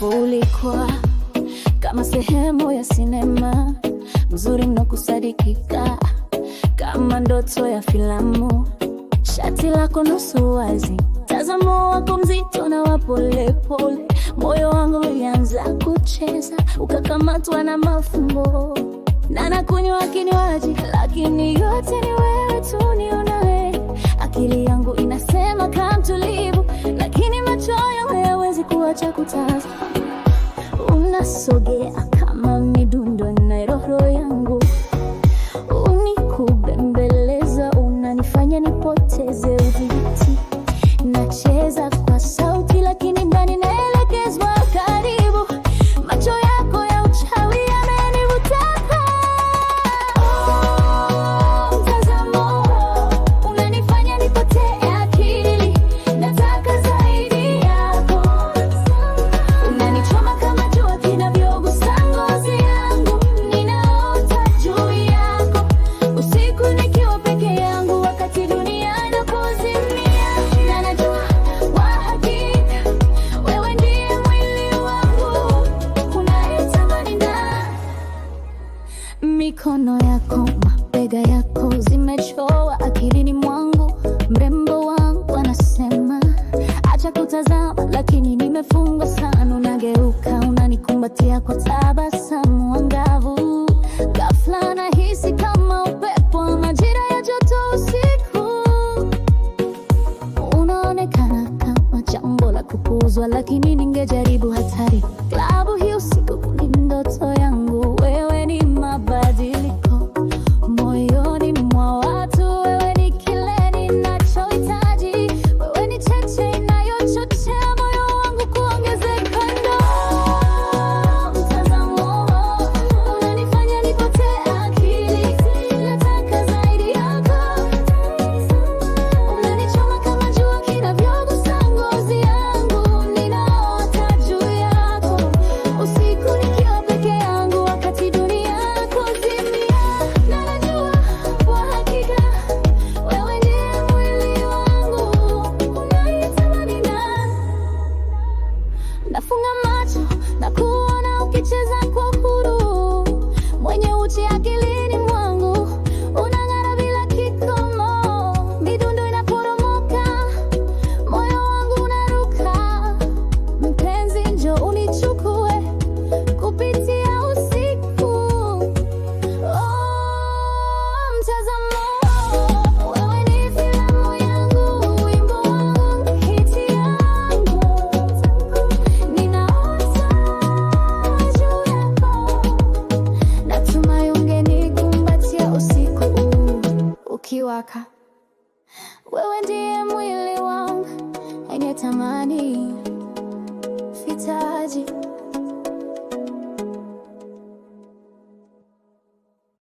Hapo ulikuwa kama sehemu ya sinema, mzuri mno kusadikika, kama ndoto ya filamu. Shati lako nusu wazi, tazamo wako mzito na wapolepole, moyo wangu ulianza kucheza, ukakamatwa na mafumbo na nakunywa kinywaji, lakini yote ni wewe tu. not una soguea. Mikono yako mabega yako zimechoa akilini mwangu, mrembo wangu anasema acha kutazama, lakini nimefungwa sana. Unageuka unanikumbatia kwa tabasamu angavu, ghafla nahisi kama upepo wa majira ya joto usiku. Unaonekana kama jambo la kupuuzwa, lakini ningejaribu hatari মুছে আগে kikiwaka. Wewe ndiye mwili wangu wenye tamani